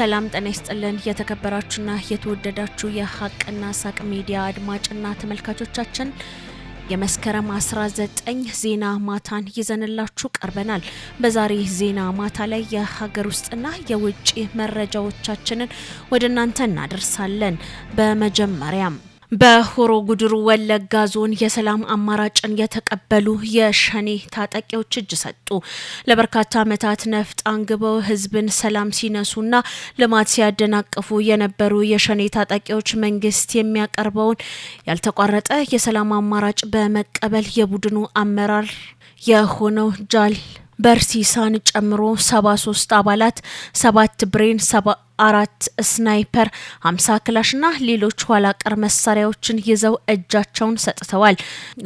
ሰላም ጤና ይስጥልን። የተከበራችሁና የተወደዳችሁ የሀቅና ሳቅ ሚዲያ አድማጭና ተመልካቾቻችን የመስከረም 19 ዜና ማታን ይዘንላችሁ ቀርበናል። በዛሬ ዜና ማታ ላይ የሀገር ውስጥና የውጭ መረጃዎቻችንን ወደ እናንተ እናደርሳለን። በመጀመሪያም በሆሮ ጉድሩ ወለጋ ዞን የሰላም አማራጭን የተቀበሉ የሸኔ ታጣቂዎች እጅ ሰጡ። ለበርካታ ዓመታት ነፍጥ አንግበው ሕዝብን ሰላም ሲነሱና ልማት ሲያደናቅፉ የነበሩ የሸኔ ታጣቂዎች መንግስት የሚያቀርበውን ያልተቋረጠ የሰላም አማራጭ በመቀበል የቡድኑ አመራር የሆነው ጃል በርሲሳን ጨምሮ ሰባ ሶስት አባላት ሰባት ብሬን አራት ስናይፐር፣ ሀምሳ ክላሽና ሌሎች ኋላ ቀር መሳሪያዎችን ይዘው እጃቸውን ሰጥተዋል።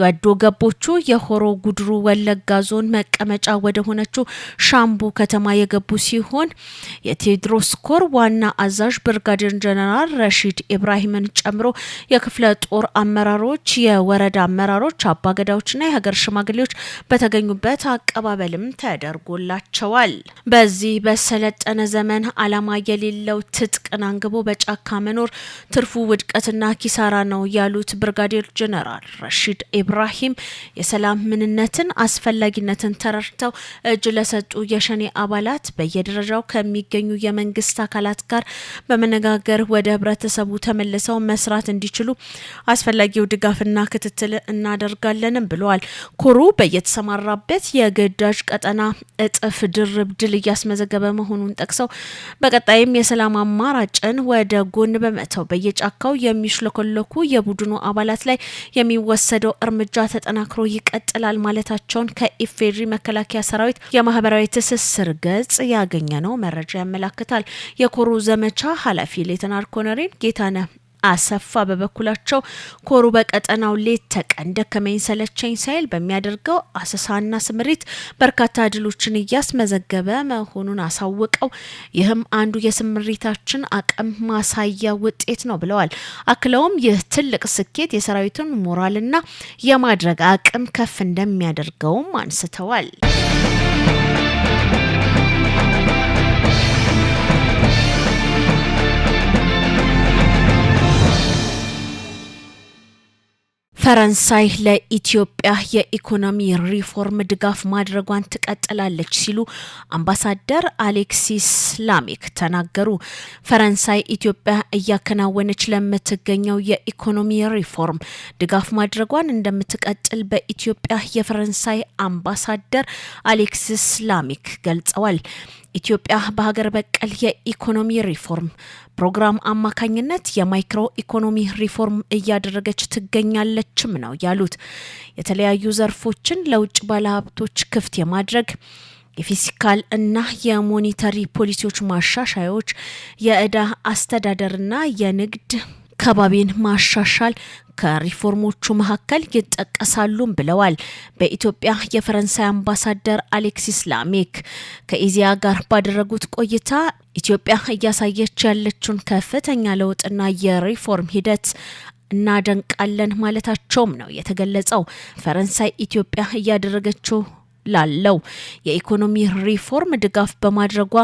ወዶ ገቦቹ የሆሮ ጉድሩ ወለጋ ዞን መቀመጫ ወደ ሆነችው ሻምቡ ከተማ የገቡ ሲሆን የቴዎድሮስ ኮር ዋና አዛዥ ብርጋዴር ጀነራል ረሺድ ኢብራሂምን ጨምሮ የክፍለ ጦር አመራሮች፣ የወረዳ አመራሮች፣ አባገዳዎችና የሀገር ሽማግሌዎች በተገኙበት አቀባበልም ተደርጎላቸዋል። በዚህ በሰለጠነ ዘመን አላማ የሌለ የሌለው ትጥቅን አንግቦ በጫካ መኖር ትርፉ ውድቀትና ኪሳራ ነው ያሉት ብርጋዴር ጀነራል ረሺድ ኢብራሂም የሰላም ምንነትን አስፈላጊነትን ተረድተው እጅ ለሰጡ የሸኔ አባላት በየደረጃው ከሚገኙ የመንግስት አካላት ጋር በመነጋገር ወደ ህብረተሰቡ ተመልሰው መስራት እንዲችሉ አስፈላጊው ድጋፍና ክትትል እናደርጋለንም ብለዋል። ኮሩ በየተሰማራበት የግዳጅ ቀጠና እጥፍ ድርብ ድል እያስመዘገበ መሆኑን ጠቅሰው በቀጣይም የሰላም አማራጭን ወደ ጎን በመተው በየጫካው የሚሽለኮለኩ የቡድኑ አባላት ላይ የሚወሰደው እርምጃ ተጠናክሮ ይቀጥላል ማለታቸውን ከኢፌድሪ መከላከያ ሰራዊት የማህበራዊ ትስስር ገጽ ያገኘ ነው መረጃ ያመላክታል። የኮሩ ዘመቻ ኃላፊ ሌተናል ኮነሬን ጌታነህ አሰፋ በበኩላቸው ኮሩ በቀጠናው ሌት ተቀን ደከመኝ ሰለቸኝ ሳይል በሚያደርገው አሰሳና ስምሪት በርካታ ድሎችን እያስመዘገበ መሆኑን አሳውቀው ይህም አንዱ የስምሪታችን አቅም ማሳያ ውጤት ነው ብለዋል። አክለውም ይህ ትልቅ ስኬት የሰራዊቱን ሞራልና የማድረግ አቅም ከፍ እንደሚያደርገውም አንስተዋል። ፈረንሳይ ለኢትዮጵያ የኢኮኖሚ ሪፎርም ድጋፍ ማድረጓን ትቀጥላለች ሲሉ አምባሳደር አሌክሲስ ላሜክ ተናገሩ። ፈረንሳይ ኢትዮጵያ እያከናወነች ለምትገኘው የኢኮኖሚ ሪፎርም ድጋፍ ማድረጓን እንደምትቀጥል በኢትዮጵያ የፈረንሳይ አምባሳደር አሌክሲስ ላሜክ ገልጸዋል። ኢትዮጵያ በሀገር በቀል የኢኮኖሚ ሪፎርም ፕሮግራም አማካኝነት የማይክሮ ኢኮኖሚ ሪፎርም እያደረገች ትገኛለችም ነው ያሉት። የተለያዩ ዘርፎችን ለውጭ ባለሀብቶች ክፍት የማድረግ የፊስካል እና የሞኔተሪ ፖሊሲዎች ማሻሻያዎች፣ የእዳ አስተዳደርና የንግድ አካባቢን ማሻሻል ከሪፎርሞቹ መካከል ይጠቀሳሉም ብለዋል። በኢትዮጵያ የፈረንሳይ አምባሳደር አሌክሲስ ላሜክ ከኢዚያ ጋር ባደረጉት ቆይታ ኢትዮጵያ እያሳየች ያለችውን ከፍተኛ ለውጥና የሪፎርም ሂደት እናደንቃለን ማለታቸውም ነው የተገለጸው። ፈረንሳይ ኢትዮጵያ እያደረገችው ላለው የኢኮኖሚ ሪፎርም ድጋፍ በማድረጓ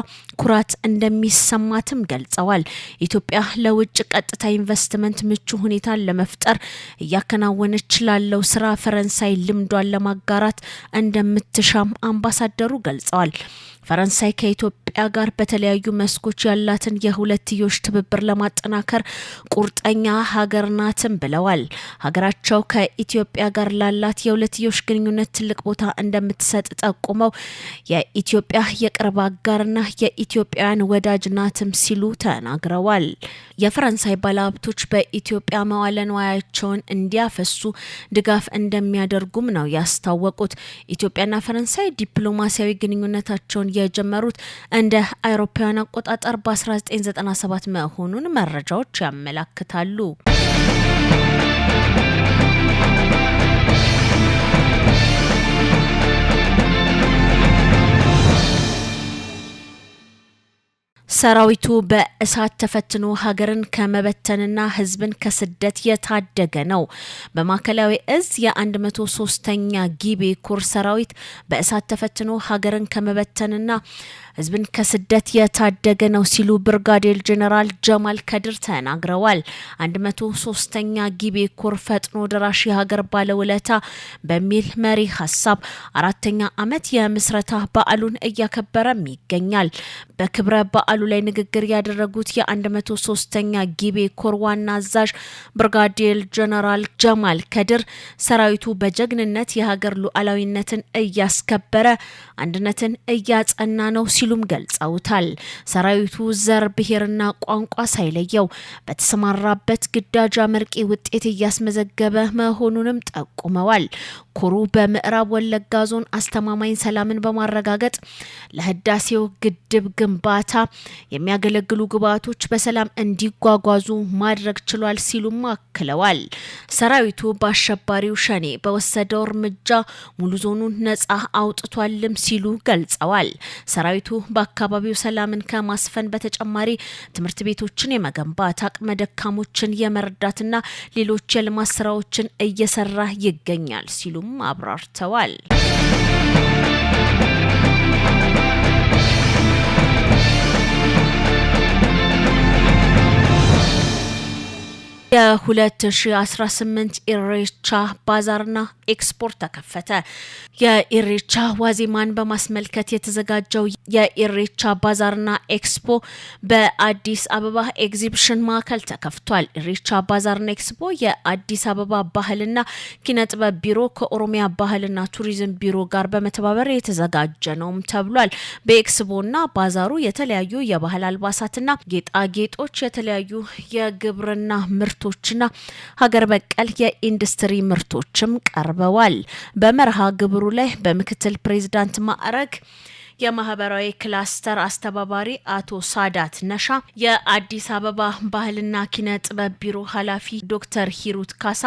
ኩራት እንደሚሰማትም ገልጸዋል። ኢትዮጵያ ለውጭ ቀጥታ ኢንቨስትመንት ምቹ ሁኔታን ለመፍጠር እያከናወነች ላለው ስራ ፈረንሳይ ልምዷን ለማጋራት እንደምትሻም አምባሳደሩ ገልጸዋል። ፈረንሳይ ከኢትዮጵያ ከኢትዮጵያ ጋር በተለያዩ መስኮች ያላትን የሁለትዮሽ ትብብር ለማጠናከር ቁርጠኛ ሀገር ናትም ብለዋል። ሀገራቸው ከኢትዮጵያ ጋር ላላት የሁለትዮሽ ግንኙነት ትልቅ ቦታ እንደምትሰጥ ጠቁመው የኢትዮጵያ የቅርብ አጋርና የኢትዮጵያውያን ወዳጅ ናትም ሲሉ ተናግረዋል። የፈረንሳይ ባለሀብቶች በኢትዮጵያ መዋለ ንዋያቸውን እንዲያፈሱ ድጋፍ እንደሚያደርጉም ነው ያስታወቁት። ኢትዮጵያና ፈረንሳይ ዲፕሎማሲያዊ ግንኙነታቸውን የጀመሩት እንደ አውሮፓውያን አቆጣጠር በ1997 መሆኑን መረጃዎች ያመላክታሉ። ሰራዊቱ በእሳት ተፈትኖ ሀገርን ከመበተንና ህዝብን ከስደት የታደገ ነው። በማዕከላዊ እዝ የ103ኛ ጊቤ ኮር ሰራዊት በእሳት ተፈትኖ ሀገርን ከመበተንና ህዝብን ከስደት የታደገ ነው ሲሉ ብርጋዴር ጄኔራል ጀማል ከድር ተናግረዋል። ሶስተኛ ጊቤ ኮር ፈጥኖ ደራሽ የሀገር ባለውለታ በሚል መሪ ሀሳብ አራተኛ ዓመት የምስረታ በዓሉን እያከበረም ይገኛል። በክብረ በዓሉ በበዓሉ ላይ ንግግር ያደረጉት የ103ኛ ጊቤ ኮር ዋና አዛዥ ብርጋዴር ጀነራል ጀማል ከድር ሰራዊቱ በጀግንነት የሀገር ሉዓላዊነትን እያስከበረ አንድነትን እያጸና ነው ሲሉም ገልጸውታል። ሰራዊቱ ዘር፣ ብሔርና ቋንቋ ሳይለየው በተሰማራበት ግዳጅ አመርቂ ውጤት እያስመዘገበ መሆኑንም ጠቁመዋል። ኮሩ በምዕራብ ወለጋ ዞን አስተማማኝ ሰላምን በማረጋገጥ ለህዳሴው ግድብ ግንባታ የሚያገለግሉ ግብዓቶች በሰላም እንዲጓጓዙ ማድረግ ችሏል ሲሉም አክለዋል። ሰራዊቱ በአሸባሪው ሸኔ በወሰደው እርምጃ ሙሉ ዞኑን ነጻ አውጥቷልም ሲሉ ገልጸዋል። ሰራዊቱ በአካባቢው ሰላምን ከማስፈን በተጨማሪ ትምህርት ቤቶችን የመገንባት አቅመ ደካሞችን የመርዳትና ሌሎች የልማት ስራዎችን እየሰራ ይገኛል ሲሉም አብራርተዋል። የ2018 ኢሬቻ ባዛርና ኤክስፖርት ተከፈተ። የኢሬቻ ዋዜማን በማስመልከት የተዘጋጀው የኢሬቻ ባዛርና ኤክስፖ በአዲስ አበባ ኤግዚቢሽን ማዕከል ተከፍቷል። ኢሬቻ ባዛርና ኤክስፖ የአዲስ አበባ ባህልና ኪነጥበብ ቢሮ ከኦሮሚያ ባህልና ቱሪዝም ቢሮ ጋር በመተባበር የተዘጋጀ ነውም ተብሏል። በኤክስፖና ባዛሩ የተለያዩ የባህል አልባሳትና ጌጣጌጦች፣ የተለያዩ የግብርና ምርት ምርቶችና ሀገር በቀል የኢንዱስትሪ ምርቶችም ቀርበዋል። በመርሃ ግብሩ ላይ በምክትል ፕሬዚዳንት ማዕረግ የማህበራዊ ክላስተር አስተባባሪ አቶ ሳዳት ነሻ፣ የአዲስ አበባ ባህልና ኪነ ጥበብ ቢሮ ኃላፊ ዶክተር ሂሩት ካሳ፣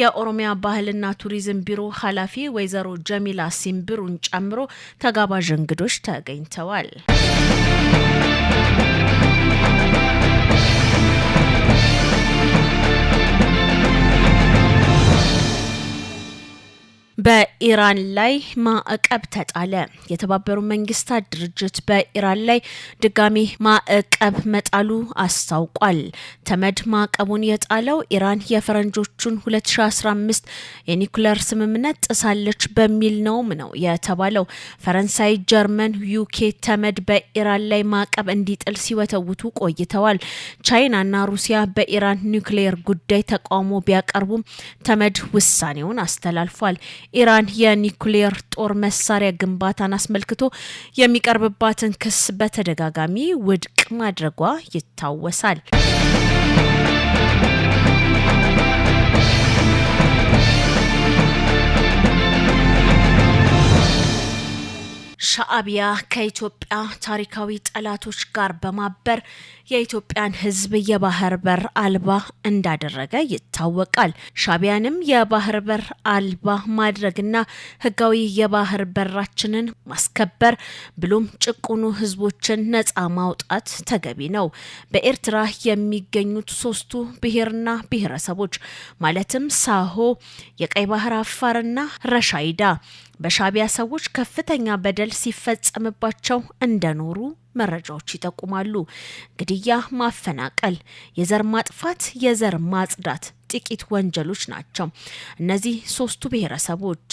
የኦሮሚያ ባህልና ቱሪዝም ቢሮ ኃላፊ ወይዘሮ ጀሚላ ሲምብሩን ጨምሮ ተጋባዥ እንግዶች ተገኝተዋል። በኢራን ላይ ማዕቀብ ተጣለ። የተባበሩ መንግስታት ድርጅት በኢራን ላይ ድጋሚ ማዕቀብ መጣሉ አስታውቋል። ተመድ ማዕቀቡን የጣለው ኢራን የፈረንጆቹን 2015 የኒኩለር ስምምነት ጥሳለች በሚል ነውም ነው የተባለው። ፈረንሳይ፣ ጀርመን፣ ዩኬ ተመድ በኢራን ላይ ማዕቀብ እንዲጥል ሲወተውቱ ቆይተዋል። ቻይናና ሩሲያ በኢራን ኒውክሌር ጉዳይ ተቃውሞ ቢያቀርቡም ተመድ ውሳኔውን አስተላልፏል። ኢራን የኒኩሌር ጦር መሳሪያ ግንባታን አስመልክቶ የሚቀርብባትን ክስ በተደጋጋሚ ውድቅ ማድረጓ ይታወሳል። ሻዕቢያ ከኢትዮጵያ ታሪካዊ ጠላቶች ጋር በማበር የኢትዮጵያን ሕዝብ የባህር በር አልባ እንዳደረገ ይታወቃል። ሻዕቢያንም የባህር በር አልባ ማድረግና ሕጋዊ የባህር በራችንን ማስከበር ብሎም ጭቁኑ ሕዝቦችን ነፃ ማውጣት ተገቢ ነው። በኤርትራ የሚገኙት ሶስቱ ብሔርና ብሔረሰቦች ማለትም ሳሆ፣ የቀይ ባህር አፋርና ረሻይዳ በሻቢያ ሰዎች ከፍተኛ በደል ሲፈጸምባቸው እንደኖሩ መረጃዎች ይጠቁማሉ። ግድያ፣ ማፈናቀል፣ የዘር ማጥፋት፣ የዘር ማጽዳት ጥቂት ወንጀሎች ናቸው። እነዚህ ሶስቱ ብሔረሰቦች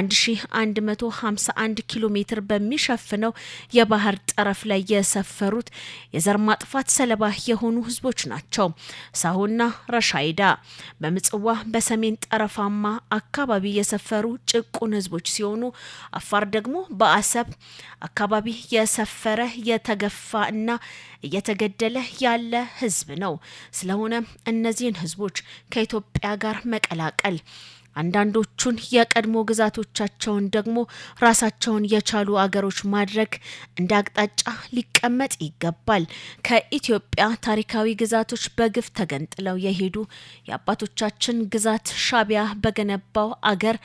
1151 ኪሎ ሜትር በሚሸፍነው የባህር ጠረፍ ላይ የሰፈሩት የዘር ማጥፋት ሰለባ የሆኑ ህዝቦች ናቸው። ሳሆና ረሻይዳ በምጽዋ በሰሜን ጠረፋማ አካባቢ የሰፈሩ ጭቁን ህዝቦች ሲሆኑ አፋር ደግሞ በአሰብ አካባቢ የሰፈረ የ እየተገፋ እና እየተገደለ ያለ ህዝብ ነው። ስለሆነ እነዚህን ህዝቦች ከኢትዮጵያ ጋር መቀላቀል አንዳንዶቹን የቀድሞ ግዛቶቻቸውን ደግሞ ራሳቸውን የቻሉ አገሮች ማድረግ እንደ አቅጣጫ ሊቀመጥ ይገባል። ከኢትዮጵያ ታሪካዊ ግዛቶች በግፍ ተገንጥለው የሄዱ የአባቶቻችን ግዛት ሻቢያ በገነባው አገር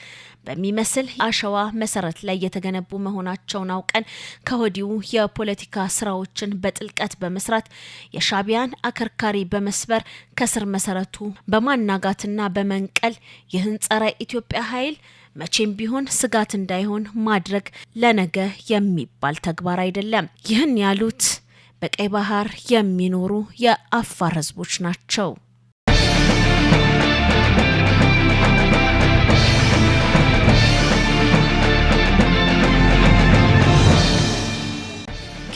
በሚመስል አሸዋ መሰረት ላይ የተገነቡ መሆናቸውን አውቀን ከወዲሁ የፖለቲካ ስራዎችን በጥልቀት በመስራት የሻቢያን አከርካሪ በመስበር ከስር መሰረቱ በማናጋትና በመንቀል ይህን ጸረ ኢትዮጵያ ኃይል መቼም ቢሆን ስጋት እንዳይሆን ማድረግ ለነገ የሚባል ተግባር አይደለም። ይህን ያሉት በቀይ ባህር የሚኖሩ የአፋር ህዝቦች ናቸው።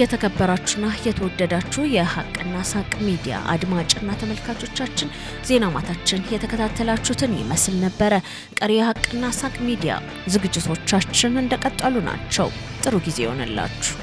የተከበራችሁና የተወደዳችሁ የሀቅና ሳቅ ሚዲያ አድማጭና ተመልካቾቻችን ዜና ማታችን የተከታተላችሁትን ይመስል ነበረ። ቀሪ የሀቅና ሳቅ ሚዲያ ዝግጅቶቻችን እንደቀጠሉ ናቸው። ጥሩ ጊዜ ይሆንላችሁ።